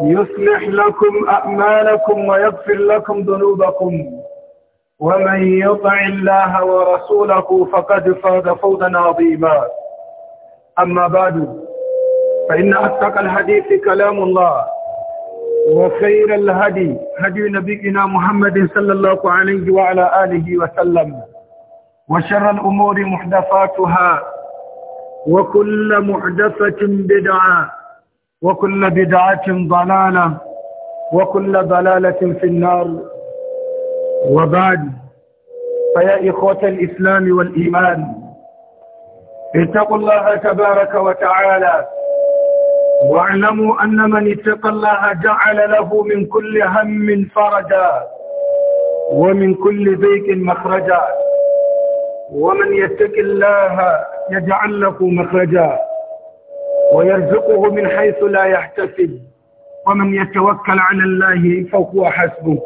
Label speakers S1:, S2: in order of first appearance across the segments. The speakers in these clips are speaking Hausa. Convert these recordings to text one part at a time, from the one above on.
S1: يصلح لكم أعمالكم ويغفر لكم ذنوبكم ومن يطع الله ورسوله فقد فاز فوزا عظيما أما بعد فإن أصدق الحديث كلام الله وخير الهدي هدي نبينا محمد صلى الله عليه وعلى آله وسلم وشر الأمور محدثاتها وكل محدثة بدعة وكل بدعة ضلالة وكل ضلالة في النار وبعد فيا إخوة الإسلام والإيمان اتقوا الله تبارك وتعالى واعلموا أن من اتقى الله جعل له من كل هم فرجا ومن كل ضيق مخرجا ومن يتق الله يجعل له مخرجا ويرزقه من حيث لا يحتسب ومن يتوكل على الله فهو حسبه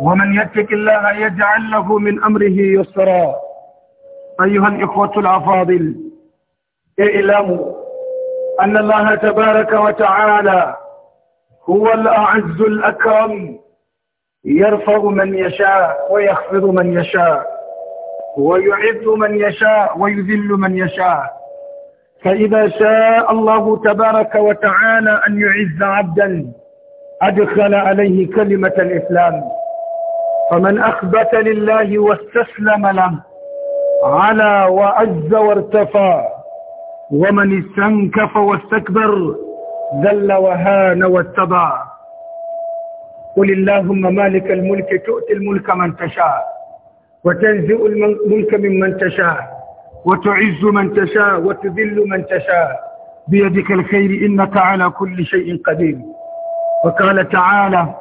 S1: ومن يتق الله يجعل له من أمره يسرا أيها الإخوة الأفاضل اعلموا أن الله تبارك وتعالى هو الأعز الأكرم يرفع من يشاء ويخفض من يشاء ويعز من يشاء ويذل من يشاء فإذا شاء الله تبارك وتعالى أن يعز عبدا أدخل عليه كلمة الإسلام فمن أخبت لله واستسلم له على وعز وارتفى ومن استنكف واستكبر ذل وهان واتبع قل اللهم مالك الملك تؤتي الملك من تشاء وتنزئ الملك ممن تشاء وتعز من تشاء وتذل من تشاء بيدك الخير إنك على كل شيء قدير وقال تعالى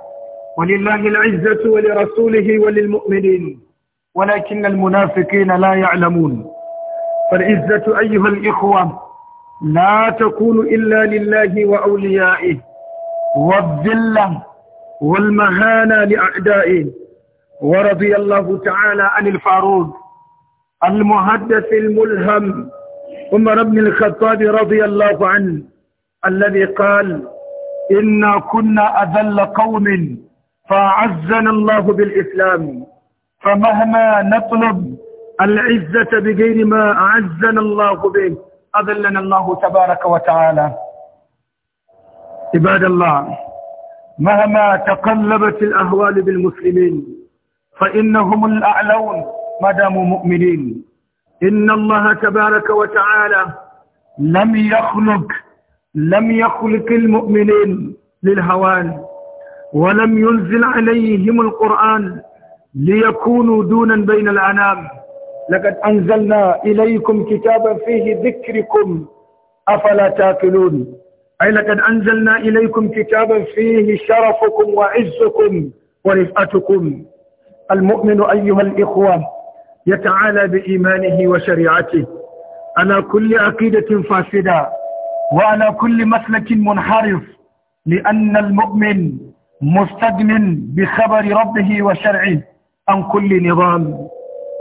S1: ولله العزة ولرسوله وللمؤمنين ولكن المنافقين لا يعلمون فالعزة أيها الإخوة لا تكون إلا لله وأوليائه والذلة والمهانة لأعدائه ورضي الله تعالى عن الفاروق المحدث الملهم عمر بن الخطاب رضي الله عنه الذي قال إنا كنا أذل قوم فعزنا الله بالإسلام فمهما نطلب العزة بغير ما أعزنا الله به أذلنا الله تبارك وتعالى عباد الله مهما تقلبت الأهوال بالمسلمين فإنهم الأعلون ما داموا مؤمنين إن الله تبارك وتعالى لم يخلق لم يخلق المؤمنين للهوان ولم ينزل عليهم القرآن ليكونوا دونا بين الأنام لقد أنزلنا إليكم كتابا فيه ذكركم أفلا تاكلون أي لقد أنزلنا إليكم كتابا فيه شرفكم وعزكم ورفعتكم المؤمن أيها الإخوة يتعالى بإيمانه وشريعته على كل عقيدة فاسدة وعلى كل مسلك منحرف لأن المؤمن مستدمن بخبر ربه وشرعه عن كل نظام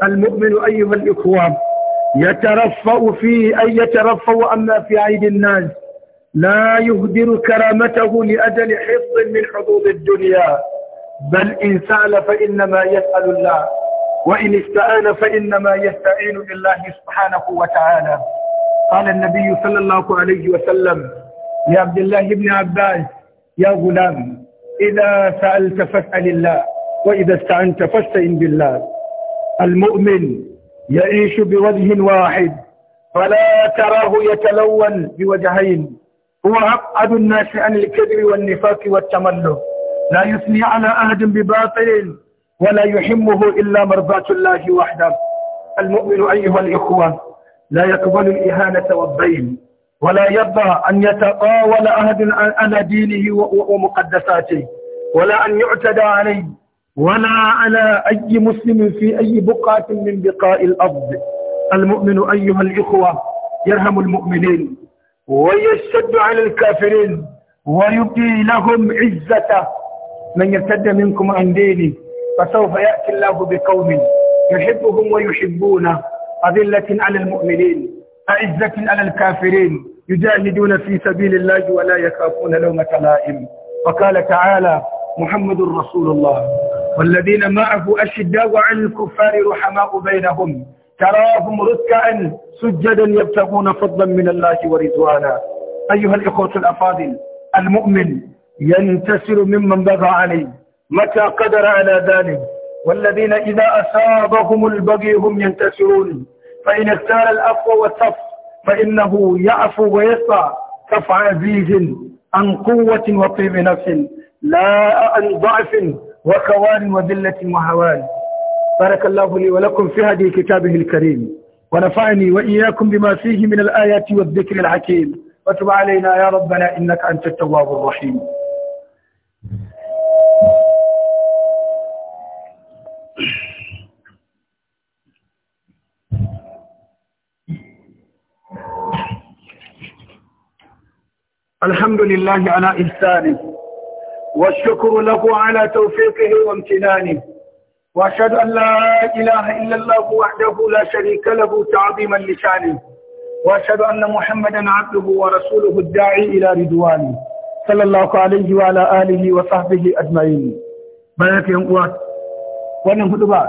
S1: المؤمن أيها الإخوة يترفع فيه أن يترفع أما في عيد الناس لا يهدر كرامته لأجل حفظ من حظوظ الدنيا بل إن سأل فإنما يسأل الله وإن استعان فإنما يستعين بالله سبحانه وتعالى قال النبي صلى الله عليه وسلم يا عبد الله بن عباس يا غلام إذا سألت فاسأل الله وإذا استعنت فاستعن بالله المؤمن يعيش بوجه واحد فلا تراه يتلون بوجهين هو أبعد الناس عن الكذب والنفاق والتملق لا يثني على أحد بباطل ولا يحمه إلا مرضاة الله وحده المؤمن أيها الإخوة لا يقبل الإهانة والضيم ولا يرضى أن يتطاول أحد على دينه ومقدساته ولا أن يعتدى عليه ولا على أي مسلم في أي بقعة من بقاع الأرض المؤمن أيها الإخوة يرهم المؤمنين ويشد على الكافرين ويبدي لهم عزته من يرتد منكم عن دينه فسوف يأتي الله بقوم يحبهم ويحبونه أذلة على المؤمنين أعزة على الكافرين يجاهدون في سبيل الله ولا يخافون لومة لائم وقال تعالى محمد رسول الله والذين معه أشداء عن الكفار رحماء بينهم تراهم ركعا سجدا يبتغون فضلا من الله ورضوانا أيها الإخوة الأفاضل المؤمن ينتصر ممن بغى عليه متى قدر على ذلك والذين إذا أصابهم البغي هم ينتصرون فإن اختار العفو والصف فإنه يعفو ويسعى كف عزيز عن قوة وطيب نفس لا عن ضعف وكوان وذلة وهوان بارك الله لي ولكم في هذه كتابه الكريم ونفعني وإياكم بما فيه من الآيات والذكر الحكيم وتب علينا يا ربنا إنك أنت التواب الرحيم الحمد لله على إحسانه والشكر له على توفيقه وامتنانه وأشهد أن لا إله إلا الله وحده لا شريك له تعظيما لشانه وأشهد أن محمدا عبده ورسوله الداعي إلى رضوانه صلى الله عليه وعلى آله وصحبه أجمعين بنات ينقوات wannan hudu ba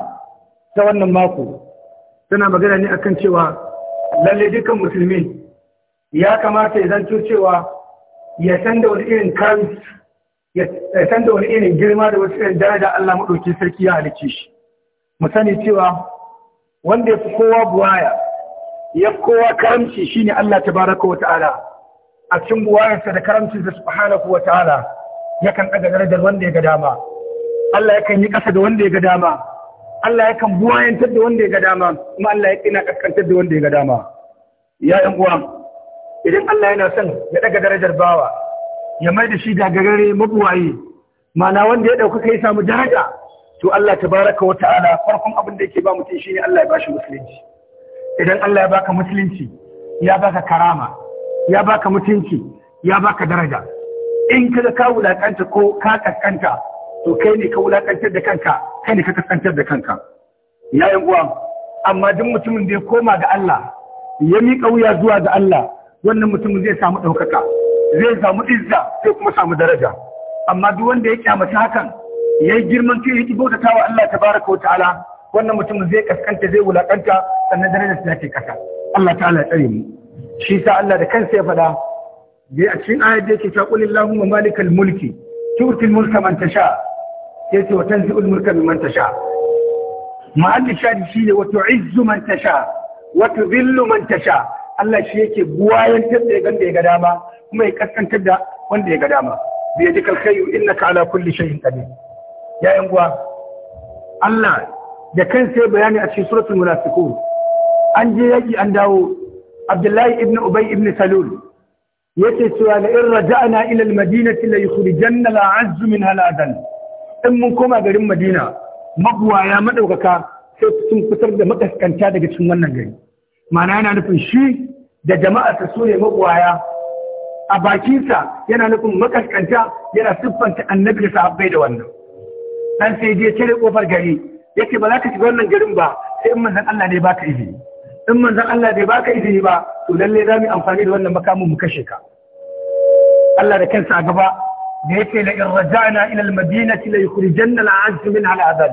S1: ta wannan mako tana magana ne akan cewa lalle dukan musulmi ya kamata ya zanto cewa ya san da wani irin girma da wasu irin daraja Allah maɗauki sarki ya halicce shi mu sani cewa wanda ya fi kowa buwaya ya fi kowa karamci shi ne Allah ta baraka wa ta'ala a cikin buwayarsa da karamcinsa subhanahu wa ta'ala ya kan ɗaga darajar wanda ya ga dama Allah ya kan yi ƙasa da wanda ya ga dama Allah ya kan buwayantar da wanda ya ga dama kuma Allah ya ƙina ƙasƙantar da wanda ya ga dama ya 'yan uwa idan Allah yana son ya daga darajar bawa ya mai da shi gagarare mabuwaye mana wanda ya dauka kai samu daraja to Allah tabaraka wa ta'ala farkon abin da yake ba mutum shine Allah ya bashi musulunci idan Allah ya baka musulunci ya baka karama ya baka mutunci ya baka daraja in kaga ka wulakanta ko ka kaskanta to kai ne ka wulakantar da kanka kai ne ka kaskantar da kanka yayin uwa amma duk mutumin da ya koma ga Allah ya miƙa wuya zuwa ga Allah wannan mutumin zai samu ɗaukaka zai samu izza zai kuma samu daraja amma duk wanda ya kyamata hakan ya yi girman kai ya ki bautata wa Allah tabaraka wa ta'ala wannan mutumin zai kaskanta zai wulakanta sannan darajar ta ke kasa Allah ta'ala ya tsare mu shi sa Allah da kansa ya faɗa dai a cikin ayat da yake ta qul illahumma malikal mulki tu'til mulka man tasha yace wa tanzi'ul mulka mimman tasha ma'al shadi shine wa tu'izzu man tasha wa tudhillu man tasha Allah shi yake buwayen da ya ganda ya ga dama kuma ya kaskantar da wanda ya ga dama bi ji kalkayu innaka ala kulli shay'in qadir ya yan uwa Allah da kan sai bayani a cikin suratul munafiqun an je yaki an dawo Abdullahi ibn Ubay ibn Salul yace cewa la in raja'na ila al-madinati la yukhrijanna al-azz minha al-adl in mun koma garin Madina mabuwaya madaukaka sai sun fitar da makaskanta daga cikin wannan gari mana yana nufin shi da jama'arsa su ne magoya a bakinsa yana nufin makaskanta yana siffanta annabi da sahabbai da wannan dan sai je cire kofar gari yace ba za ka shiga wannan garin ba sai in manzon Allah ne baka izini in manzon Allah bai baka izini ba to lalle za mu amfani da wannan makamin mu kashe ka Allah da kansa a gaba da yake la in raja'na ila al-madinati la yukhrijanna al-'azz min al-'adab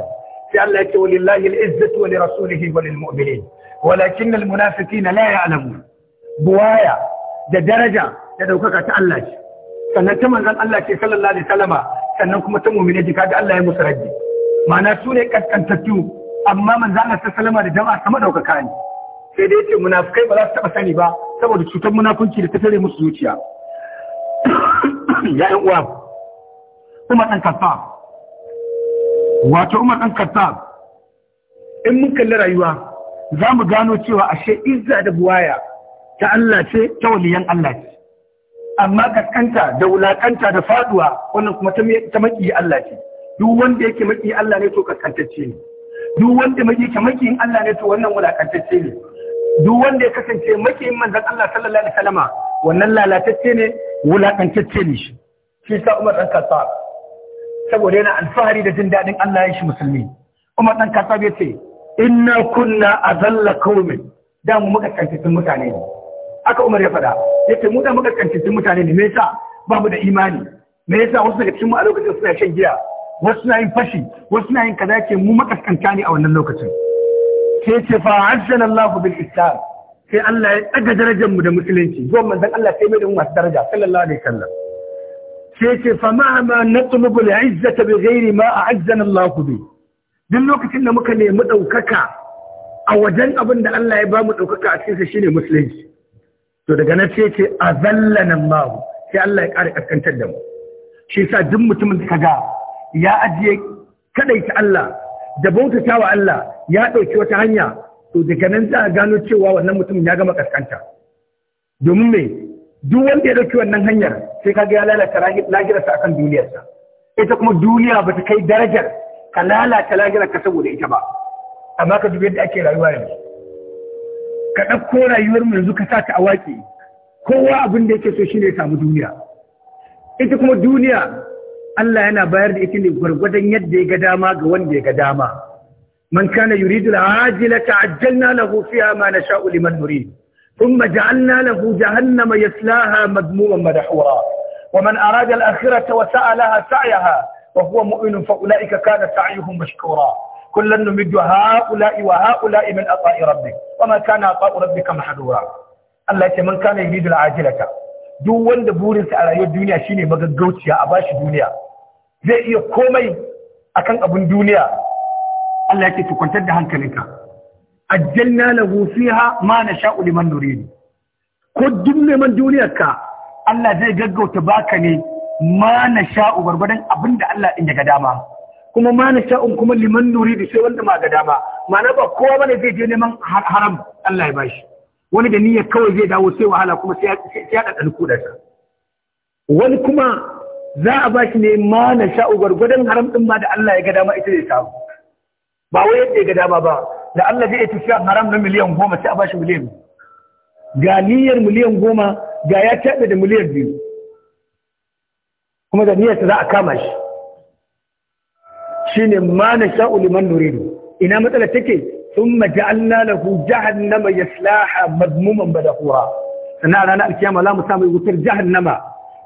S1: sai Allah yake walillahi al-izzatu wa li rasulihi wa lil mu'minin walakin almunafiqina la ya'lamun buwaya da daraja da daukaka ta Allah ce sannan ta manzon Allah ce sallallahu alaihi wasallama sannan kuma ta mu'mine ji kaga Allah ya musu raddi ma'ana su ne kaskantattu amma manzon Allah sallallahu da jama'a sama daukaka ne sai dai ce munafikai ba za su taba sani ba saboda cutar munafunci da ta tare musu zuciya ya yan uwa Umar ɗan Khattab wato Umar ɗan Khattab in mun kalli rayuwa za mu gano cewa ashe izza da buwaya ta Allah ce ta waliyan Allah ce amma kaskanta da wulakanta da faduwa wannan kuma ta maki Allah ce duk wanda yake maki Allah ne to kaskantacce ne duk wanda yake makiyin Allah ne to wannan wulakantacce ne duk wanda ya kasance makiyin manzon Allah sallallahu alaihi wasallama wannan lalatacce ne wulakantacce ne shi shi sa Umar dan saboda yana alfahari da jin dadin Allah ya shi musulmi Umar dan Khattab ce. inna kunna azalla qaumin da mu muka kancitin mutane ne aka umar ya fada yace mu da muka kancitin mutane ne me yasa babu da imani me yasa wasu daga cikin mu a lokacin suna shan giya wasu na yin fashi wasu na yin kaza yake mu makaskanta ne a wannan lokacin Ke ce fa azzana Allahu bil islam sai Allah ya daga darajar mu da musulunci zuwa manzon Allah sai mai da mu masu daraja sallallahu alaihi wasallam Ke ce fa ma ma natlubu al izzata bi ghairi ma azzana Allahu bi duk lokacin da muka nemi ɗaukaka a wajen abin da Allah ya mu ɗaukaka a cikinsa shine musulunci to daga nan sai ce azallanan mahu sai Allah ya ƙara ƙaskantar da mu shi yasa duk mutumin da kaga ya ajiye kadaita Allah da bautata wa Allah ya ɗauki wata hanya to daga nan za a gano cewa wannan mutumin ya gama ƙasƙanta domin me duk wanda ya ɗauki wannan hanyar sai kaga ya lalata lahirarsa akan duniyarsa ita kuma duniya ba ta kai darajar ka lalata lahirar ka saboda ita ba amma ka dubi yadda ake rayuwa yanzu ka ɗauko rayuwar mu yanzu ka sa ta a waƙe kowa abin da yake so shine ya samu duniya ita kuma duniya Allah yana bayar da ita ne gwargwadon yadda ya ga dama ga wanda ya ga dama man kana yuridu al-ajila ta'ajjalna lahu fiha ma nasha'u liman nurid ثم جعلنا له جهنم يسلاها مذموما مدحورا ومن أراد الآخرة وسألها سعيها وهو مؤمن فأولئك كان سعيهم مشكورا كلا نمد هؤلاء وهؤلاء من عطاء ربك وما كان عطاء ربك محظورا Allah ya ce man kana yuridul ajilata duk wanda burinsa a rayuwar duniya shine magaggauciya a bashi duniya zai iya komai akan abun duniya Allah ya ce ki kwantar da hankalinka ajjalna lahu fiha ma nasha'u liman nurid ko duk neman duniyarka Allah zai gaggauta baka ne ma na sha'u gwargwadon abin Allah in ya ga dama kuma ma na sha'un kuma liman nuri da sai wanda ma ga dama ma'ana ba kowa bane zai je neman haram Allah ya bashi wani da niyyar kawai zai dawo sai wahala kuma sai ya da kuɗarsa wani kuma za a bashi ne ma na sha'u gwargwadon haram ɗin ma da Allah ya ga dama ita zai samu ba wai yadda ya ga dama ba da Allah zai ita tafiya haram na miliyan goma sai a bashi miliyan ga niyyar miliyan goma ga ya taɗa da miliyan biyu kuma da niyyarsa za a kama shi shine ma na sha'u liman nuridu ina matsala take thumma ja'alna lahu jahannama ya yaslaha madmuman badahura sannan ranar alkiyama za mu samu wutar jahannama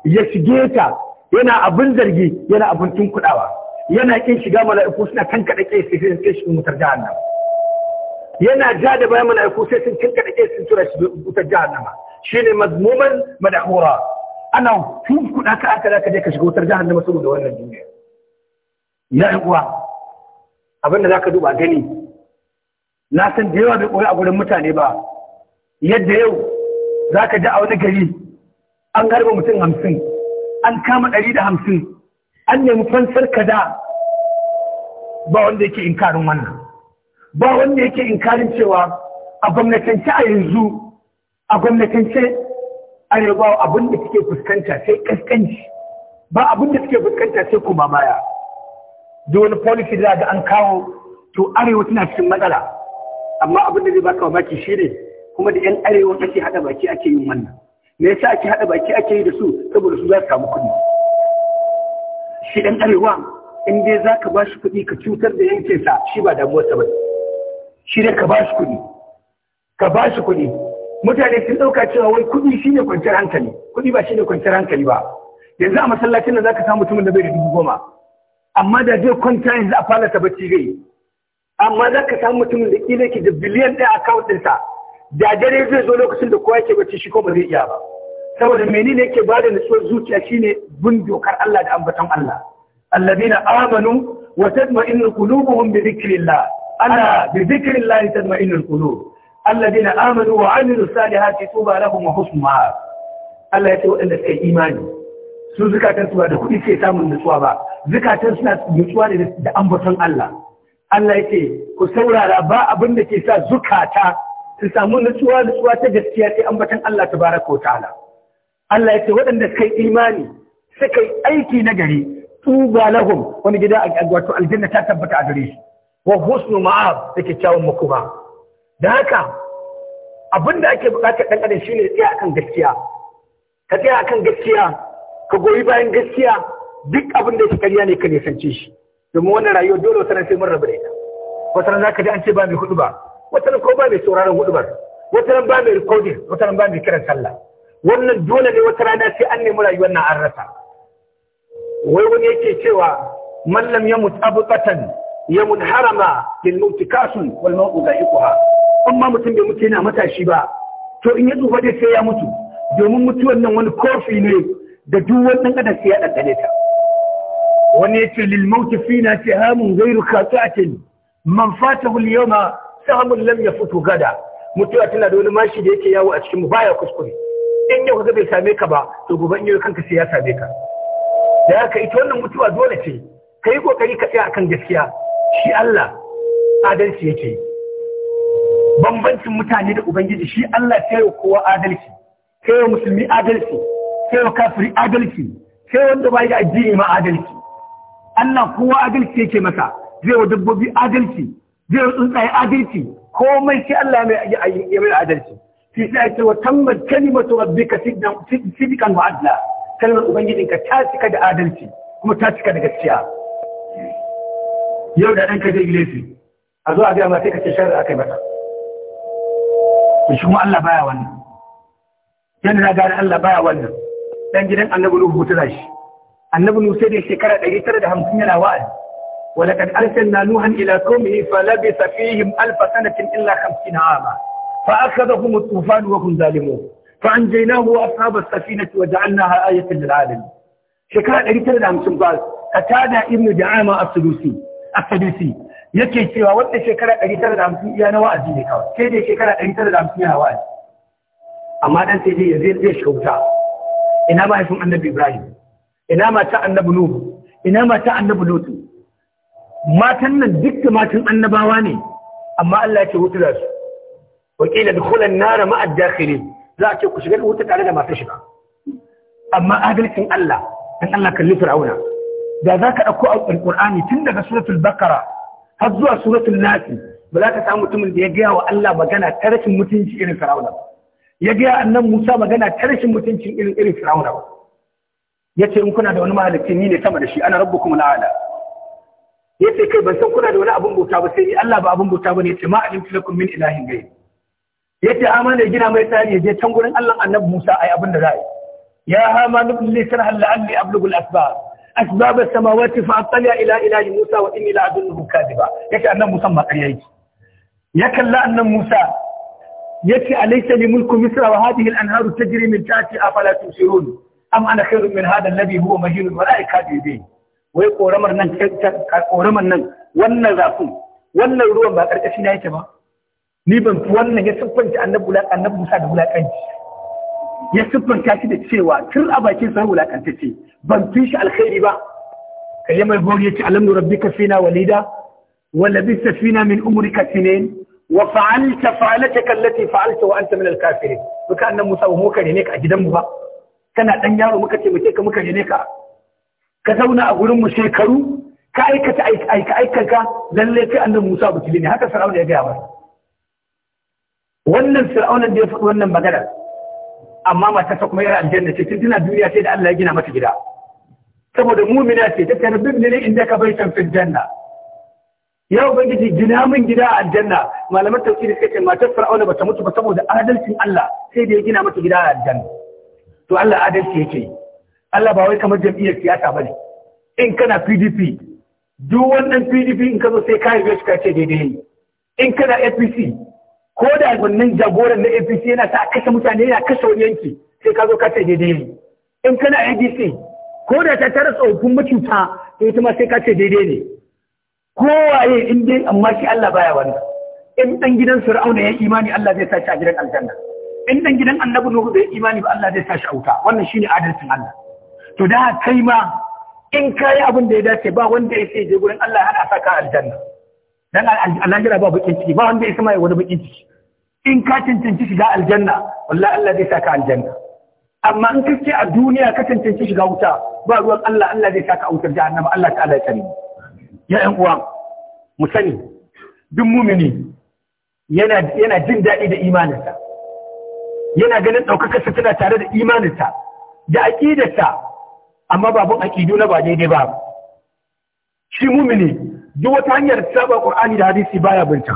S1: ya shige ta yana abin zargi yana abin tunkudawa yana kin shiga mala'iku suna kan kada ke sai sun kai shi wutar jahannama yana ja da bayan mala'iku sai sun kan kada ke sun tura shi wutar jahannama shine madmuman madahura ana kuɗa ka aka zaka je ka shiga wutar da saboda wannan duniya ya uwa abin da za ka duba gani na san da yawa bai koya a gurin mutane ba yadda yau za ka ji a wani gari an garba mutum hamsin an kama ɗari da hamsin an nemi fansar da, ba wanda yake inkarin wannan ba wanda yake inkarin cewa a gwamnatance a yanzu a gwamnatance arewa abin da suke fuskanta sai kaskanci ba abin da suke fuskanta sai kuma baya Da wani policy da ga an kawo to arewa tana cikin matsala amma abin da zai baka mamaki shine kuma da yan arewa ake hada baki ake yin wannan me yasa ake hada baki ake yi da su saboda su za su samu kuɗi shi dan arewa in dai za ka ba shi kuɗi ka cutar da yankinsa shi ba damuwarsa ba shi dai ka ba shi kuɗi ka ba shi kuɗi mutane sun ɗauka cewa wai kuɗi shine kwanciyar hankali kuɗi ba shine kwanciyar hankali ba yanzu a masallacin nan zaka samu mutumin da bai da dubu goma amma da zai kwanta yanzu a falata bacci zai amma za ka samu mutumin da kila yake da biliyan ɗaya a kawun ɗinsa da dare zai zo lokacin da kowa yake bacci shi ko ba zai iya ba saboda menene yake ba da nutsuwar zuciya shine bin dokar Allah da ambaton Allah alladina amanu wa tatma'innu qulubuhum bi dhikrillah ana bi dhikrillah tatma'innul qulub alladina amanu wa amilu salihati tuba lahum wa husnu ma'ab Allah ya ce waɗanda suka imani su zukatan su da kuɗi ke samun nutsuwa ba zukatan suna nutsuwa ne da ambaton Allah Allah ya ce ku saurara ba abin da ke sa zukata su samu nutsuwa nutsuwa ta gaskiya sai ambaton Allah tabaraka wa ta'ala Allah ya ce waɗanda suka imani suka yi aiki na gari tuba lahum wani gida a wato aljanna ta tabbata a gare shi wa husnu ma'ab da kyakkyawan makoma da haka abin da ake bukatar ɗan adam shine tsaya akan gaskiya ka tsaya akan gaskiya ka goyi bayan gaskiya duk abin da ya karya ne ka nisance shi domin wannan rayuwar dole wata sai mun rabu da ita wata nan zaka ji an ce ba mai hudu ba wata ko ba mai sauraron hudu ba wata ran ba mai recording wata nan ba mai kiran sallah wannan dole ne wata rana sai an nemi rayuwar nan an rasa wai wani yake cewa man ya yamut ya munharama harama lil mutikasun wal mawdu dha'iquha in ma mutum bai mutu yana matashi ba to in ya tsufa dai sai ya mutu domin mutuwan nan wani kofi ne da duk wannan adam sai ya ɗanɗane ta wani ya ce lil mauti fina ce hamun gairu kasu'atin man fatahu al yawma sahamun lam yafutu gada mutuwa tana da wani mashi da yake yawo a cikin mu baya kuskure in yau kaga bai same ka ba to gobe in yau kanka sai ya same ka da haka ita wannan mutuwa dole ce ka yi kokari ka tsaya akan gaskiya shi Allah adalci yake yi bambancin mutane da ubangiji shi Allah sai wa kowa adalci sai wa musulmi adalci sai wa kafiri adalci sai wanda bai da addini ma adalci Allah kowa adalci yake masa zai wa dabbobi adalci zai wa tsuntsaye adalci komai sai Allah mai ya mai adalci shi sai ya ce wa tammat kalimatu wa adla ubangijinka ta cika da adalci kuma ta cika da gaskiya yau da ɗan zai yi laifi a zuwa biya ma sai ka ce shari'a kai mata to shi kuma Allah baya wannan yadda na gane Allah baya wannan dan gidan annabi Nuhu tura shi annabi Nuhu sai da shekara 950 yana wa'azi ولقد أرسلنا نوحا إلى قومه فلبث فيهم ألف سنة إلا خمسين عاما فأخذهم الطوفان وهم ظالمون فأنجيناه وأصحاب السفينة وجعلناها آية للعالمين شكرا أريد أن أمسن قال قتادة ابن دعامة السدوسي السدوسي yake cewa wanda shekara 950 iya na wa'azi ne kawai sai dai shekara 950 yana wa'azi amma dan sai dai yanzu zai shiga wuta ina mahaifin annabi ibrahim ina mata annabi nuhu ina mata annabi lutu matan nan dukkan matan annabawa ne amma Allah ya ce wuta da su wa qila dukhulan nar ma'a dakhilin za a ce ku shiga wuta tare da masu shiga amma adalcin Allah dan Allah kalli fir'auna da zaka dauko alqur'ani tun daga suratul bakara har zuwa suratul nasi ba za ka samu mutumin da ya gaya wa Allah magana ta rashin mutunci irin Fir'auna ba ya gaya annan Musa magana ta rashin mutunci irin irin Fir'auna ba yace in kuna da wani mahalicci ni ne sama da shi ana rabbukum la'ala yace kai ban san kuna da wani abun bauta ba sai ni Allah ba abun bauta bane yace ma alimtu lakum min ilahin ghayr yace amana gina mai tsari ya je can gurin Allah annabi Musa ai abin da za yi ya ma nubli sarhan la'alli ablugul asbab asbab sama samawati fa atla ila ilahi musa wa inni la adun kadiba yake annan musa ma ƙarya yake ya kalla annan musa yake alaysa li mulku misra wa hadhihi al-anharu tajri min tahti afala tusirun am ana khairun min hadha alladhi huwa wa la yakadu bi wai koramar nan koramar nan wannan zafin wannan ruwan ba karkashi na yake ba ni ban wannan ya sufanci annabi musa da bulakanci ya siffanta shi da cewa tun a bakin sa ce. ban fi shi alkhairi ba kalimar gori yace alam rabbika fina walida wa labista fina min umrika sinin wa fa'alta fa'alataka allati fa'alta wa anta min alkafirin muka annan musa mu kare ne ka a gidan mu ba kana dan yaro muka ce muke ka muka ne ka ka zauna a gurin mu shekaru ka aikata aika aikanka lalle kai annabi Musa butuli ne haka Fir'auna ya gaya masa wannan Fir'aunan da ya faɗi wannan magana amma ta kuma yara aljanna ce tun tana duniya sai da Allah ya gina mata gida saboda mu'mina ce ta kana bibni inda ka baitan fil janna ya ubangiji gina min gida a aljanna malaman tauhid suka ce matar fir'auna bata mutu ba saboda adalcin Allah sai da ya gina mata gida a aljanna to Allah adalci yake Allah ba wai kamar jam'iyyar siyasa bane in kana PDP duk wannan PDP in ka zo sai ka yi shi ka ce daidai in kana APC ko da wannan jagoran na APC yana sa kashe mutane yana kashe wani yanki sai ka zo ka ce daidai ne in kana ADC ko da ta tara tsofin mutunta to ita sai ka ce daidai ne kowaye in dai amma shi Allah baya wannan in dan gidan Fir'auna ya imani Allah zai sa shi a gidan aljanna in dan gidan Annabi Nuhu bai imani ba Allah zai sa shi a wuta wannan shine adalcin Allah to da kai ma in kai abin da ya dace ba wanda ya sai je gurin Allah ya hana saka aljanna dan al'ajira ba bakin ciki ba wanda isa mai wani bakin ciki in ka cancanci shiga aljanna wallahi Allah zai saka aljanna amma in kace a duniya ka cancanci shiga wuta ba ruwan Allah Allah zai saka wutar jahannama Allah ta'ala ya kare mu ya ƴan uwa mu sani duk mumini yana yana jin daɗi da imaninsa yana ganin ɗaukakar sa tana tare da imaninsa da aqidarsa amma babu aqidu na ba daidai ba shi mumini duk wata hanyar saba Qur'ani da hadisi baya binta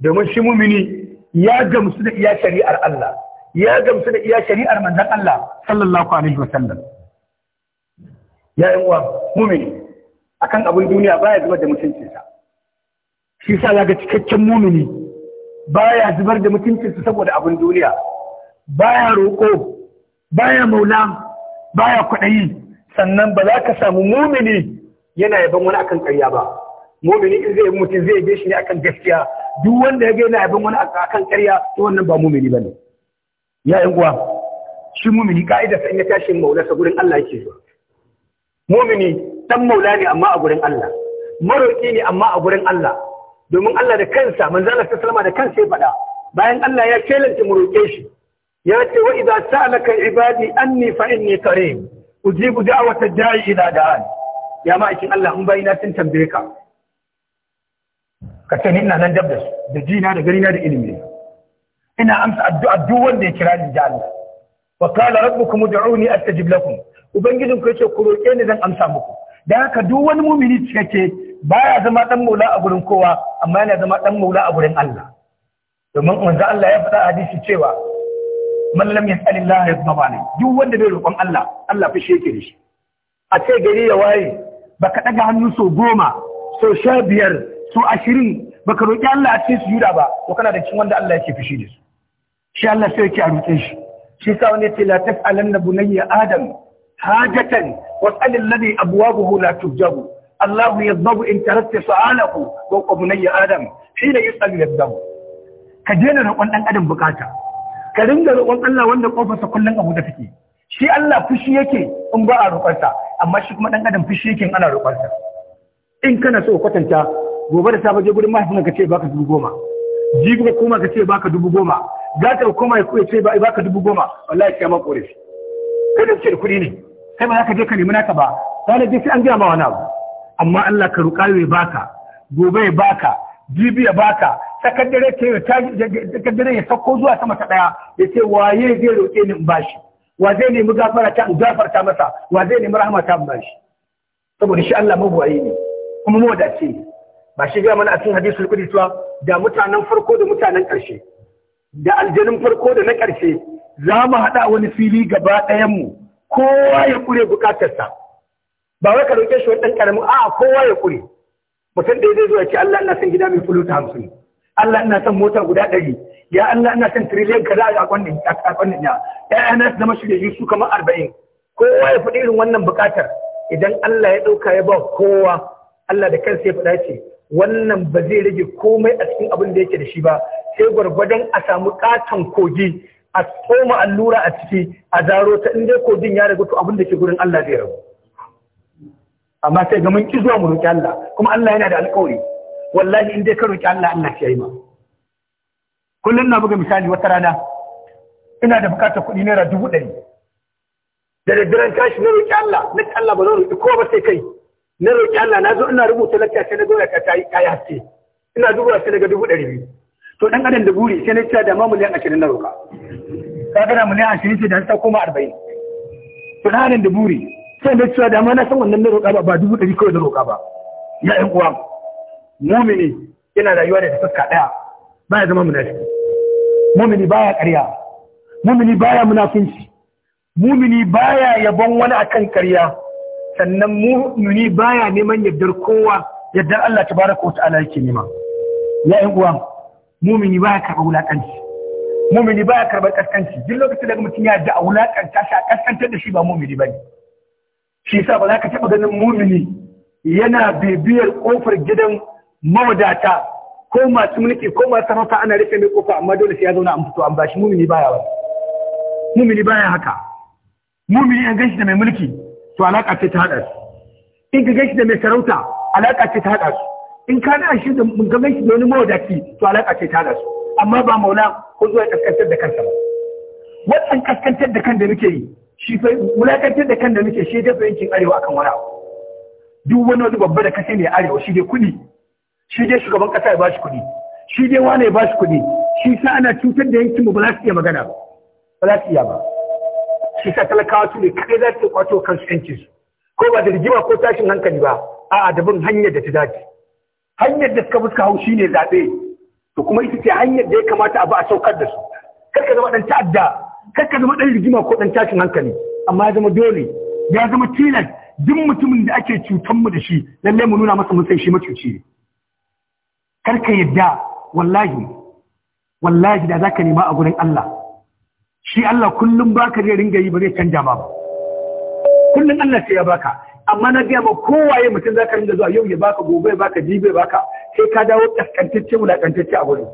S1: domin shi mumini ya gamsu da iya shari'ar Allah ya gamsu da iya shari'ar manzon Allah sallallahu alaihi wasallam ya yan uwa mumini akan abin duniya baya zubar da mutuncinsa shi sa ga cikakken mumini baya zubar da mutuncinsa saboda abin duniya baya roƙo baya maula baya kwaɗayi sannan ba za ka samu mumini yana yaban wani akan ƙarya ba mu'mini in zai mutum zai bi shi ne akan gaskiya duk wanda ya ga yana abin wani akan karya, to wannan ba mu'mini bane ya yan uwa shi mu'mini ka'ida sai ya tashi maulasa gurin Allah yake zuwa mu'mini dan maula ne amma a gurin Allah Maroƙi ne amma a gurin Allah domin Allah da kansa manza na sallama da kansa ya faɗa bayan Allah ya kelanta mu roƙe shi ya ce wa idza sa'alaka ibadi anni fa inni qareeb ujibu da'wata da'i ila da'an ya ma'aikin Allah in bayina sun tambaye ka ka ce ni ina nan dab da su da jina da gari na da ilimi ina amsa addu'a duk wanda ya kira ni da Allah wa qala rabbukum ud'uni astajib lakum ubangijin ku yace ku roke ni zan amsa muku dan haka duk wani mumini cikakke baya zama dan maula a gurin kowa amma yana zama dan maula a gurin Allah domin manzo Allah ya faɗa hadisi cewa man lam yas'alillah yadhba alayhi duk wanda bai roƙon Allah Allah fa sheke da shi a ce gari ya waye baka daga hannu so goma so sha biyar su ashirin baka roƙi Allah a cikin sujuda ba to kana da cikin wanda Allah yake fushi da su shi Allah sai yake a roƙe shi shi sa wani yace la tas'alanna bunayya adam hajatan was'al alladhi abwabuhu la tujjabu Allah yadhabu in tarakta su'alahu wa bunayya adam hina yas'al yadhabu ka daina roƙon dan adam bukata ka ringa roƙon Allah wanda kofarsa kullun abu da take shi Allah fushi yake in ba a roƙarsa amma shi kuma dan adam fushi yake in ana roƙarsa in kana so kwatanta gobe da safe je gurin mahaifin ka ce baka dubu goma ji kuma kuma ka ce baka dubu goma za ka koma ya ce baka dubu goma wallahi kiyama korafi shi da ce da kuɗi ne kai ba za ka je ka nemi naka ba da sai an gaya ma wani amma Allah ka roƙa ya baka gobe ya baka jibi ya baka takaddare takaddare ya sauko zuwa sama ta ɗaya ya ce waye zai roƙe ni in bashi wa zai nemi gafara ta gafarta masa wa zai nemi rahama ta bashi saboda shi Allah mabuwaye ne kuma mawadace ne ba shi ga mana a cikin hadisul qudsi da mutanen farko da mutanen ƙarshe da aljanin farko da na ƙarshe za mu haɗa wani fili gaba ɗayanmu kowa ya ƙure bukatarsa ba wai ka roƙe shi wani ɗan ƙaramin a kowa ya ƙure. mutum da zai zo ya ce Allah ina son gida mai ta hamsin Allah ina son mota guda ɗari ya Allah ina son tiriliyan kaza a kwanin a kwanin ya ƴaƴana su zama shirye su kamar arba'in kowa ya faɗi irin wannan bukatar idan Allah ya ɗauka ya ba kowa Allah da kansa ya faɗa ce wannan ba zai rage komai a cikin abin da yake da shi ba sai gwargwadon a samu katon kogi a tsoma allura a ciki a zaro ta inda kogin ya rage to abin da ke gurin Allah zai rabu. amma sai ga mun ki zuwa mu roki Allah kuma Allah yana da alƙawari wallahi in dai ka roki Allah Allah ya yi ma kullum na buga misali wata rana ina da bukatar kuɗi naira dubu ɗari da daddaren tashi na roki Allah na Allah ba zan roki ko ba sai kai na roƙi Allah na zo ina rubuta lakka sai na ga ka ta yi ce haske ina duba sai na ga dubu ɗari biyu to dan adam da buri sai na cewa da ma miliyan ashirin na roƙa ka ga miliyan ashirin ce da ta koma arba'in to dan adam da buri sai na cewa da ma na san wannan na roƙa ba ba dubu ɗari kawai na roƙa ba ya ƴan uwa mumini yana rayuwa da fuska ɗaya baya zama munafiki mumini baya ƙarya mumini baya munafinci mumini baya yabon wani akan ƙarya sannan mu'mini baya neman yardar kowa yadda Allah ta baraka wa ta'ala yake nema ya ƴan uwa mu'mini baya karɓar wulaƙanci mu'mini baya karɓar kaskanci duk lokacin da mutum ya da wulaƙanta shi a kaskantar da shi ba mu'mini ba shi yasa ba za ka taɓa ganin mu'mini yana bibiyar kofar gidan mawadata ko masu mulki ko masu sarauta ana rufe mai kofa amma dole sai ya zauna an fito an bashi mumini baya ba. mumini baya haka mumini an gaishe da mai mulki to alaƙa ce ta haɗa su in ka gaishe da mai sarauta alaƙa ce ta haɗa su in ka na shi da mun ga gaishe da wani mawadaci to alaƙa ce ta haɗa su amma ba maula ko zuwa kaskantar da kansa ba wannan kaskantar da kan da muke yi shi fa wulakantar da kan da muke shi dafa yankin arewa akan wani abu duk wani wani babba da kashe ne arewa shi dai kuɗi shi dai shugaban ƙasa ya bashi kuɗi shi dai wane ya bashi kuɗi shi sa ana cutar da yankin mu ba za su iya magana ba ba za su iya ba shi sa talakawa su ne kaɗai za su kwato kansu yanci su ko ba da rigima ko tashin hankali ba a'a da hanyar da ta dace hanyar da suka fuska haushi ne zaɓe to kuma ita ce hanyar da ya kamata a ba a saukar da su kar ka zama ɗan ta'adda kar ka zama ɗan rigima ko ɗan tashin hankali amma ya zama dole ya zama tilas duk mutumin da ake cutan mu da shi lallai mu nuna masa mun san shi macuci ne kar ka yadda wallahi wallahi da zaka nema a gurin Allah shi Allah kullum baka zai ringa yi ba zai canja ba kullum Allah sai ya baka amma na gaya ma kowaye mutum zaka ringa zuwa yau ya baka gobe ya baka jibe baka sai ka dawo kaskantacce wulakantacce a gurin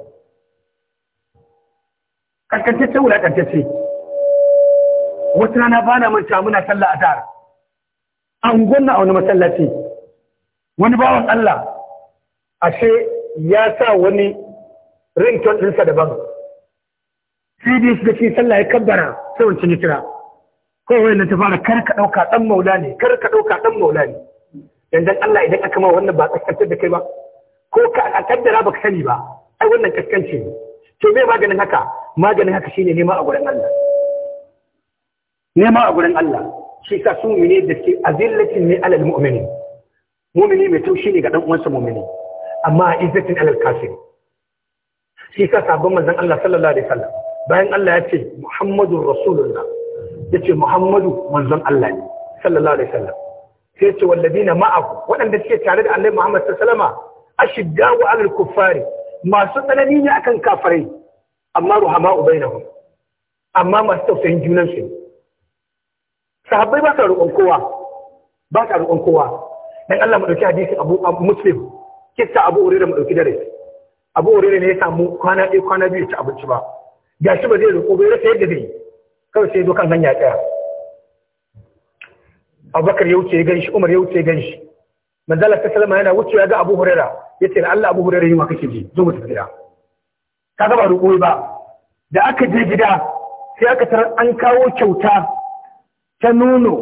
S1: kaskantacce wulakantacce wata rana bana na manta muna sallah a tara an gwanna a wani masallaci wani bawan Allah ashe ya sa wani rington ɗinsa daban sai dai ke cikin sallah ya kabbara sai wancan ya kira kawai wannan ta fara kar ka ɗauka ɗan maula ne kar ka ɗauka ɗan maula ne yanzu Allah idan aka ma wannan ba kaskantar da kai ba ko ka a kaddara baka sani ba ai wannan kaskanci ne to me maganin haka maganin haka shine nema a gurin Allah nema a gurin Allah shi sa su ne da ke azillatin ne alal mu'mini mu'mini mai taushi ne ga dan uwansa mu'mini amma izzatin alal kafir shi sa sabon manzon Allah sallallahu alaihi wasallam bayan Allah ya ce Muhammadu Rasulullah ya ce Muhammadu manzon Allah ne sallallahu alaihi sallam. sai ce walladina ma'ahu waɗanda suke tare da Annabi Muhammad sallallahu alaihi wasallam wa alal kuffari masu tsanani ne akan kafirai amma ruhama ubainahum amma masu tausayin junan su sahabbai ba sa roƙon kowa ba sa roƙon kowa dan Allah mu dauki hadisi Abu Muslim kissa Abu Hurairah mu dauki dare Abu Hurairah ne ya samu kwana ɗaya kwana biyu ta abinci ba gashi ba zai zo ko bai rasa yadda zai kawai sai zo kan hanya tsaya abubakar ya wuce ya gan shi umar ya wuce ya gan shi manzala ta salama yana wuce ya ga abu hurera ya ce Allah abu hurera yi wa kake ji zo mutu gida ka gaba roƙo ba da aka je gida sai aka tarar an kawo kyauta ta nono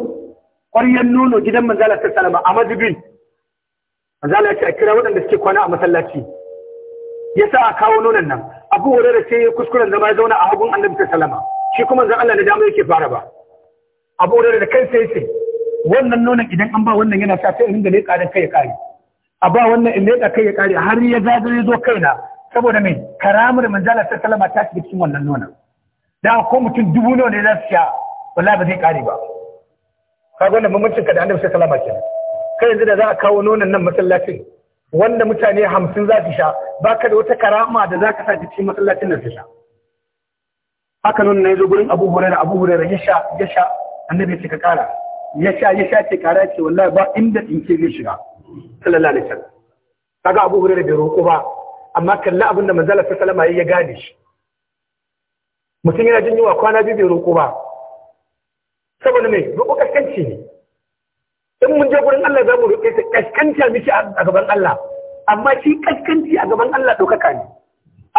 S1: ƙwaryar nono gidan manzala ta salama a madubin manzala ya ce a kira waɗanda suke kwana a masallaci ya sa a kawo nonon nan abu da ce kuskuren zama ya zauna a hagun annabi ta salama shi kuma zan Allah da dama yake fara ba abu wurin da kansa yace wannan nonon idan an ba wannan yana sa sai na da ne kai ya kare a ba wannan in leƙa kai ya kare har ya zagaye zo kai na saboda mai karamar manzala ta salama ta shiga cikin wannan nonon da ko mutum dubu nawa ne za su sha wallahi ba zai kare ba kaga wannan mamancin ka da annabi ta salama kenan kai yanzu da za a kawo nonon nan masallacin wanda mutane hamsin za su sha ba ka da wata karama da za ka sa cikin masallacin da su sha haka nuna ya zo gurin abu hurairar abu hurairar ya sha ya sha annabi ce ka kara ya sha ya sha ce kara ce wallahi ba inda tsinke zai shiga sallallahu alaihi wasallam kaga abu hurairar bai roƙo ba amma kalla abin da manzala ta salama ya gane shi mutum yana jin yunwa kwana biyu bai roƙo ba saboda mai roƙo kaskanci ne in mun je gurin Allah za mu roƙe ta kaskanta miki a gaban Allah amma shi kaskanci a gaban Allah ɗaukaka ne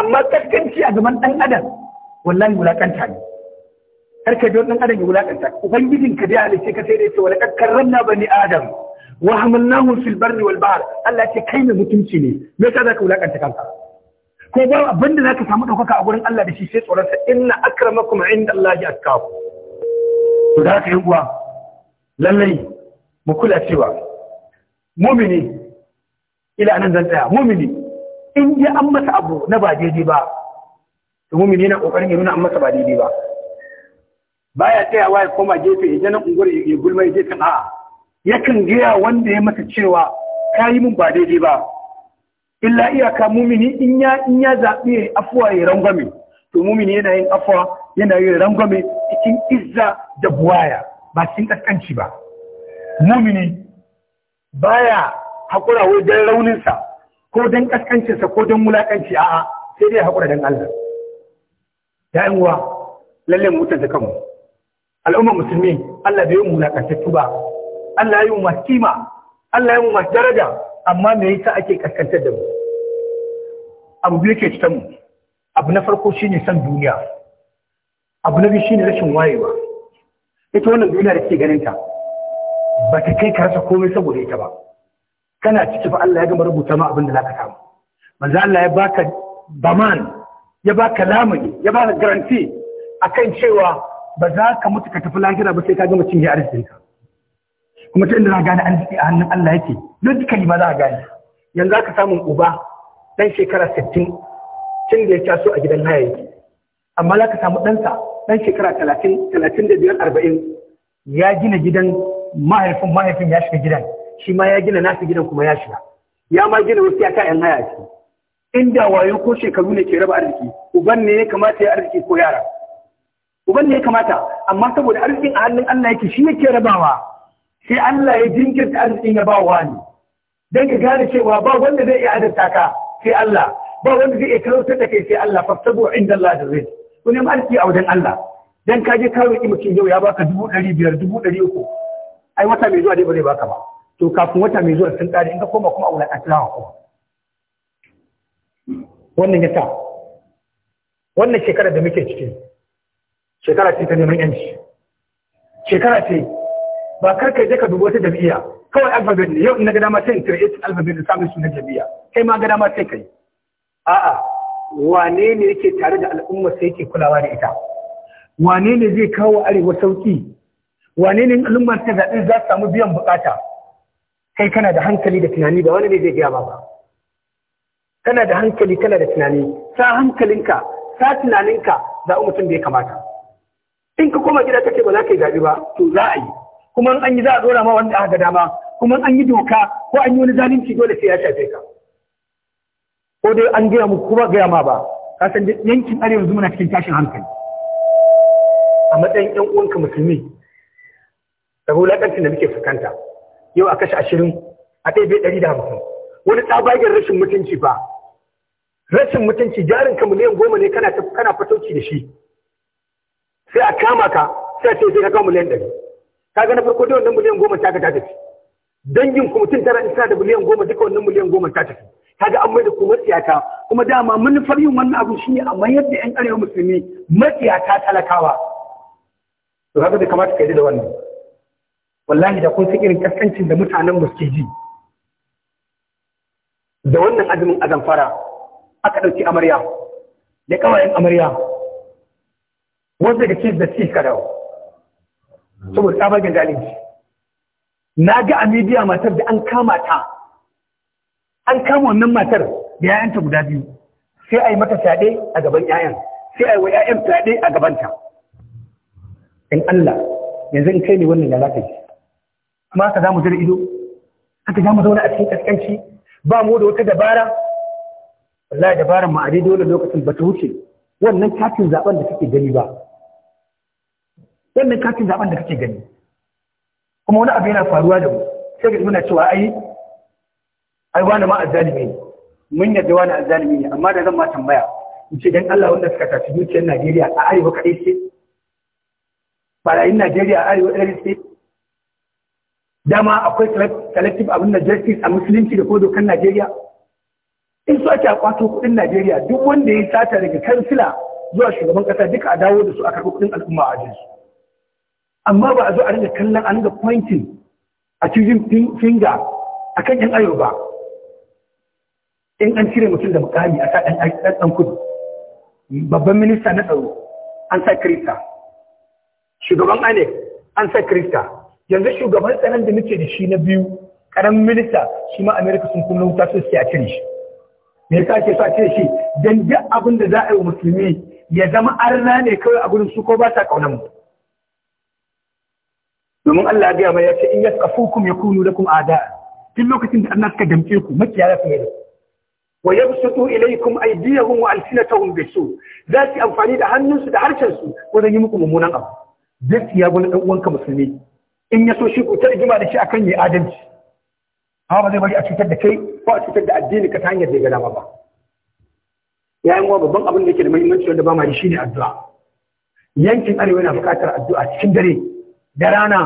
S1: amma kaskanci a gaban ɗan adam wallahi wulaƙanta ne har ka don ɗan adam ya wulaƙanta ubangijin ka dai alice ka sai dai ce wala kakkarran na bani adam wa hamalnahu fil barri wal bahr Allah ce kai mai mutunci ne me yasa zaka wulaƙanta kanka ko ba abinda zaka samu ɗaukaka a gurin Allah da shi sai tsoron sa inna akramakum inda Allah ya atqaku to da haka yi uwa lallai mu kula cewa mumini ila nan zan tsaya mumini in ji an masa abu na ba daidai ba to mumini na kokarin ya nuna an masa ba daidai ba baya tsayawa ya koma gefe ya na unguwar ya gulma ya je kan a'a yakan gaya wanda ya masa cewa ka yi mun ba daidai ba illa iyaka mumini in ya in ya zaɓi ya afuwa ya rangwame to mumini yana yin afuwa yana yin rangwame cikin izza da buwaya ba cikin kaskanci ba mumini baya haƙura wai don rauninsa ko don ƙasƙancinsa ko don wulaƙanci a sai dai haƙura don Allah ya'yan uwa lalle mu mutunta kanmu al'ummar musulmi Allah bai yi mu wulaƙantattu ba Allah ya yi mu masu kima Allah ya yi mu masu daraja amma me yasa ake ƙasƙantar da mu abu biyu ke cikin mu abu na farko shi ne san duniya abu na biyu shi ne rashin wayewa ita wannan duniya da ke ganin ta ba ta kai ka rasa komai saboda ita ba kana ciki fa Allah ya gama rubuta ma abin da zaka samu manzo Allah ya baka baman ya baka lamuni ya baka garanti akan cewa ba za ka mutu ka tafi lahira ba sai ka gama cinye ka kuma ta inda za gane an jiki a hannun Allah yake logically ba za a gane yanzu aka samu uba dan shekara 60 tun da ya taso a gidan haya yake amma za ka samu ɗansa dan shekara 30 35 40 ya gina gidan mahaifin mahaifin ya shiga gidan shi ma ya gina nasu gidan kuma ya shiga ya ma gina wasu ya kayan haya ce inda wayo ko shekaru ne ke raba arziki uban ne ya kamata ya arziki ko yara uban ne ya kamata amma saboda arzikin a hannun Allah yake shi yake rabawa sai Allah ya jinkirta arzikin ya ba wa ne dan ka gane cewa ba wanda zai iya adalta ka sai Allah ba wanda zai iya kawo da kai sai Allah fastabu inda Allah da zai. kun yi arziki a wajen Allah dan ka je ka roki yau ya baka dubu ɗari biyar dubu ɗari uku ai wata mai zuwa dai ba zai baka ba to kafin wata mai zuwa sun kare in ka koma kuma a wulakanta wa kuma wannan ya sa wannan shekara da muke ciki shekara ce ta neman yanci shekara ce ba kar kai je ka dubo wata jam'iyya kawai alfabet ne yau ina ga dama sai in create alfabet da samun sunan jam'iyya kai ma ga dama sai kai a'a wane ne yake tare da al'umma sai yake kulawa da ita wane ne zai kawo arewa sauki wane ne al'ummar ta zaɓi za su samu biyan bukata kai kana da hankali da tunani ba wani ne zai gaya ba kana da hankali kana da tunani sa hankalinka sa tunaninka za mutum da ya kamata in ka koma gida ce ba za ka yi zaɓi ba to za a yi kuma an yi za a dora ma wanda aka dama kuma an yi doka ko an yi wani zalunci dole sai ya shafe ka ko dai an gaya mu kuma gaya ma ba ka san yankin arewa yanzu muna cikin tashin hankali a matsayin ƴan uwanka musulmi daga wulaƙancin da muke fuskanta yau a kashe ashirin a ɗaya ɗari da hamsin wani tsabagen rashin mutunci ba rashin mutunci jarin ka miliyan goma ne kana kana fatauci da shi sai a kama ka sai a ce sai ka kawo miliyan ɗari ka ga na farko da wannan miliyan goma ta ka ta tafi dangin ku mutum tara isa da miliyan goma duka wannan miliyan goma ta tafi ga an da ku matsiyata kuma dama manufar yin wannan abu shine a mayar da yan arewa musulmi matsiyata talakawa to kaga da kamata ka yi da wannan wallahi da kun fi irin kaskancin da mutanen mu suke ji da wannan azumin azamfara aka ɗauki amarya da ƙawayen amarya wanda da ke da ci dawo. saboda da zalunci na ga a midiya matar da an kama ta an kama wannan matar da yayanta guda biyu sai a yi mata fyaɗe a gaban yayan sai a yi wa yayan fyaɗe a gabanta in Allah yanzu in kai ne wannan ya za ka amma haka za mu jira ido haka za mu zauna a cikin kaskanci ba mu da wata dabara wallahi dabaran mu a dai dole lokacin ba ta wuce wannan katin zaben da kake gani ba wannan katin zaben da kake gani kuma wani abu yana faruwa da mu sai ga muna cewa ai ai wani ma azalimi ne mun yadda wani azalimi ne amma da zan ma tambaya in ce dan Allah wanda suka tafi dukiyar Najeriya a arewa kaɗai ce barayin Najeriya a arewa kaɗai ce dama akwai collective abin da justice a musulunci da ko dokan Najeriya in su ake kwato kudin Najeriya duk wanda ya yi sata daga kansila zuwa shugaban kasa duka a dawo da su a karɓi kudin al'umma a jinsu amma ba a zo a rinka kallon a da pointing a cikin finger a kan yan ayo ba in an cire mutum da mukami a sa ɗan ɗan kudu babban minista na tsaro an sa krista shugaban ane an sa krista yanzu shugaban tsanan da muke da shi na biyu karan minista shi ma amerika sun kunna wuta su suke a cire shi me yasa ke sa cire shi dan duk abin da za a yi wa musulmi ya zama arna ne kawai a gurin su ko ba sa kaunar mu domin Allah ya gaya mai ya ce in yaskafukum yakunu lakum ada tun lokacin da Allah suka damce ku makiyaya su ne wa yabsutu ilaykum aydiyahum wa alsinatahum bisu za su amfani da hannunsu da harshen su wajen yi muku mummunan abu duk ya gwani dan uwanka musulmi in ya so shi ku ta rigima da shi akan yi adalci amma ba zai bari a cutar da kai ko a cutar da addini ka ta hanyar da ya ba ya yi babban abin da yake da muhimmanci wanda ba ma shi ne addu'a yankin arewa yana buƙatar addu'a cikin dare da rana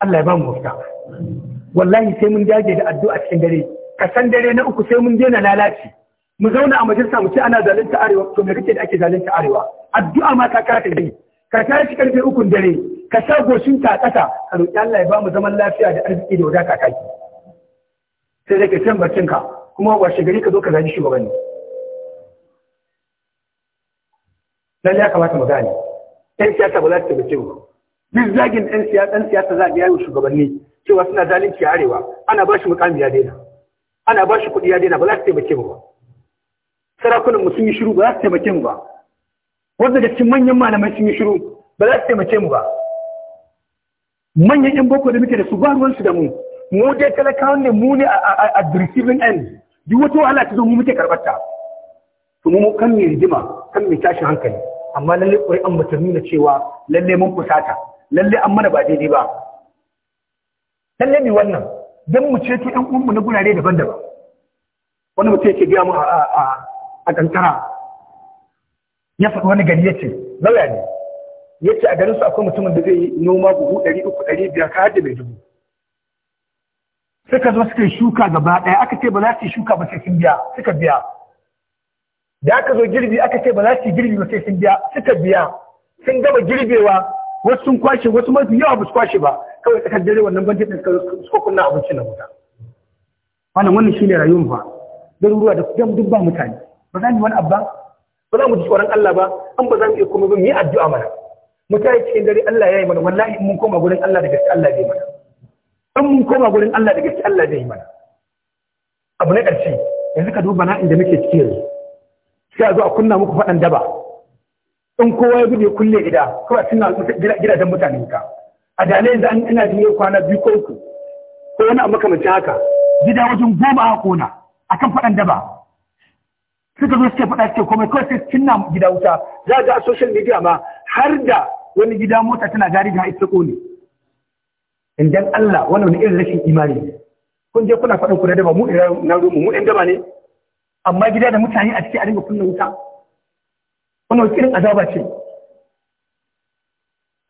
S1: Allah ya ba mu mafita wallahi sai mun dage da addu'a cikin dare ka san dare na uku sai mun je na lalace mu zauna a majalisa mu ce ana zalunta arewa to me kake da ake zalunta arewa addu'a ma ta kara ta dai ka tashi karfe ukun dare ka sa goshin ta ƙasa ka roƙi Allah ya ba mu zaman lafiya da arziki da wadata kaki sai dai ka can baccin ka kuma washe gari ka zo ka zaji shugabanni dan ya kamata mu gane ɗan siyasa ba za su taimake mu duk zagin ɗan siyasa ɗan siyasa za a biya shugabanni cewa suna zalunci a arewa ana ba shi mukami ya daina ana ba shi kuɗi ya daina ba za su taimake mu ba sarakunan mu sun yi shiru ba za su taimake mu ba wanda da cikin manyan malamai sun yi shiru ba za su taimake mu ba manyan yan boko da muke da su ba ruwan su da mu mu dai talakawan ne mu ne a the receiving end duk wata wahala ta zo mu muke karɓar ta to mu kan mai rigima kan mai tashin hankali amma lalle ƙuri'an an bata nuna cewa lalle mun kusata lalle an mana ba daidai ba lalle ne wannan don mu ceto ƴan uwanmu na gurare daban-daban wani mutum yake gaya mu a kankara ya faɗi wani gari ya ce lauya ne ce a garin su akwai mutumin da zai yi noma buhu ɗari uku ɗari biyar ka hada mai dubu suka zo suka yi shuka gaba ɗaya aka ce ba za su yi shuka ba sai sun biya suka biya da aka zo girbi aka ce ba za su yi girbi ba sai sun biya suka biya sun gama girbewa wasu sun kwashe wasu mafi yawa ba su kwashe ba kawai tsakar dare wannan banki ɗin suka kunna abinci na wuta wannan wannan shine rayuwar ba garuruwa da kudan dubba ba mutane ba za mu yi wani abba ba za mu ji tsoron Allah ba an ba za mu iya komai ba mu yi addu'a mana mu tayi cikin dare Allah ya yi mana wallahi in mun koma gurin Allah da gaske Allah zai mana in mun koma gurin Allah da gaske Allah zai mana abu na ƙarshe yanzu ka duba na inda muke ciki yanzu sai a zo a kunna muku faɗan daba in kowa ya gude kulle gida kawai suna gidajen mutane ka a dalilin da an ina jin kwana biyu ko uku ko wani abu makamancin haka gida wajen goma a kona akan faɗan daba suka zo suke faɗa suke komai kawai sai cinna gida wuta za a ga a social media ma har da wani gida mota tana gari da ita kone idan Allah wani wani irin rashin imani kun je kuna faɗin kuna daba mu na rumu mu ɗan daba ne amma gida da mutane a ciki a dinga kunna wuta wani wani irin azaba ce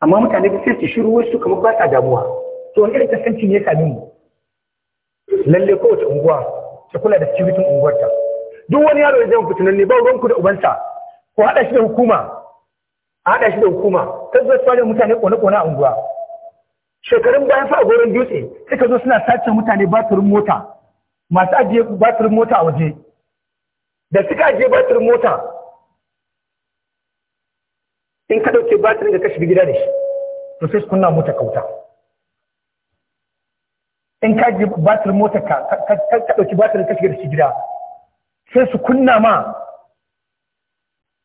S1: amma mutane sai su shiru wasu kamar ba sa damuwa to wani irin kasance ne ya same mu lalle kowace unguwa ta kula da cibitin unguwarta duk wani yaro ya zama fitinan ne ba ruwanku da ubansa ko haɗa shi da hukuma a haɗa shi da hukuma ta zo tsare mutane kone-kone a unguwa shekarun bayan fa goron dutse suka zo suna sace mutane batirin mota masu ajiye batirin mota a waje da suka ajiye batirin mota in ka dauke batirin da ka shiga gida da shi to sai su kunna mota kauta in ka ajiye batirin mota ka ka dauki batirin ka shiga da shi gida sai su kunna ma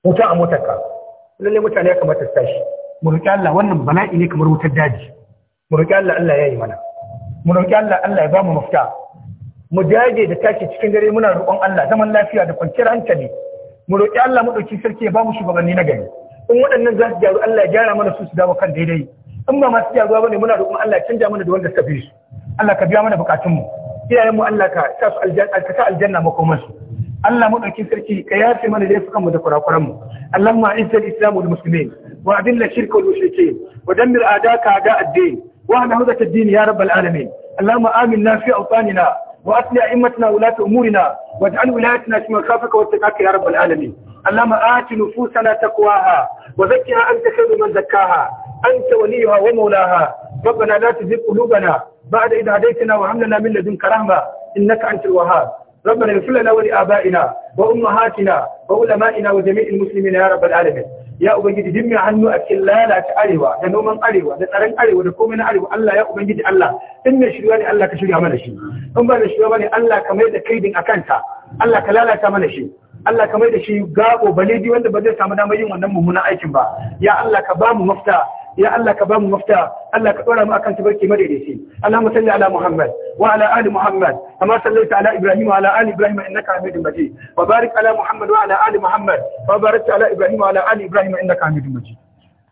S1: wuta a motar ka lalle mutane ya kamata su tashi mu roƙi Allah wannan bala'i ne kamar wutar daji mu roƙi Allah Allah ya yi mana mu roƙi Allah Allah ya bamu mafita mu dage da tashi cikin dare muna roƙon Allah zaman lafiya da kwanciyar hankali mu roƙi Allah mu ɗauki sarki ya bamu shugabanni na gari in waɗannan za su gyaru Allah ya gyara mana su su dawo kan daidai in ba masu gyaruwa ne muna roƙon Allah ya canja mana da wanda suka fi su Allah ka biya mana bukatunmu iyayenmu Allah ka sa su aljanna ka su Allah mu ɗauki sarki ka yafe mana dai fukan mu da kurakuran mu Allah ma izzal da musulmi muslimin wa adil la shirka wal mushrikeen wa dammir adaka ada ad-din wa ana hudat ad-din ya rabbal alamin Allah ma amin na fi awtanina wa asli a'immatina ulati umurina wa ja'al wilayatina shi man khafaka wa taqaka ya rabbal alamin Allah ma ati nufusana taqwaha wa zakkiha anta khayru man zakkaha anta waliyuha wa mawlaha ربنا لا تزغ قلوبنا بعد إذ هديتنا وهب لنا من لدنك رحمة إنك أنت الوهاب a na, اغفر لنا ولآبائنا وأمهاتنا وعلمائنا وجميع المسلمين يا رب العالمين ya ubangiji din mai hannu a cikin lalata arewa da noman arewa da tsaron arewa da komai na arewa Allah ya ubangiji Allah in mai shirya ne Allah ka shirya mana shi in ba da shirya bane Allah ka mai da kaidin akanta Allah ka lalata mana shi Allah ka mai da shi gabo baledi wanda ba zai samu damar yin wannan mummunan aikin ba ya Allah ka ba mu mafita ya Allah ka ba mu mafita Allah ka dora mu akan tabarki madaidaici Allahumma salli ala Muhammad wa ala ali Muhammad kama sallaita ala Ibrahim wa ala ali Ibrahim innaka Hamidum Majid wa barik ala Muhammad wa ala ali Muhammad wa barik ala Ibrahim wa ala ali Ibrahim innaka Hamidum Majid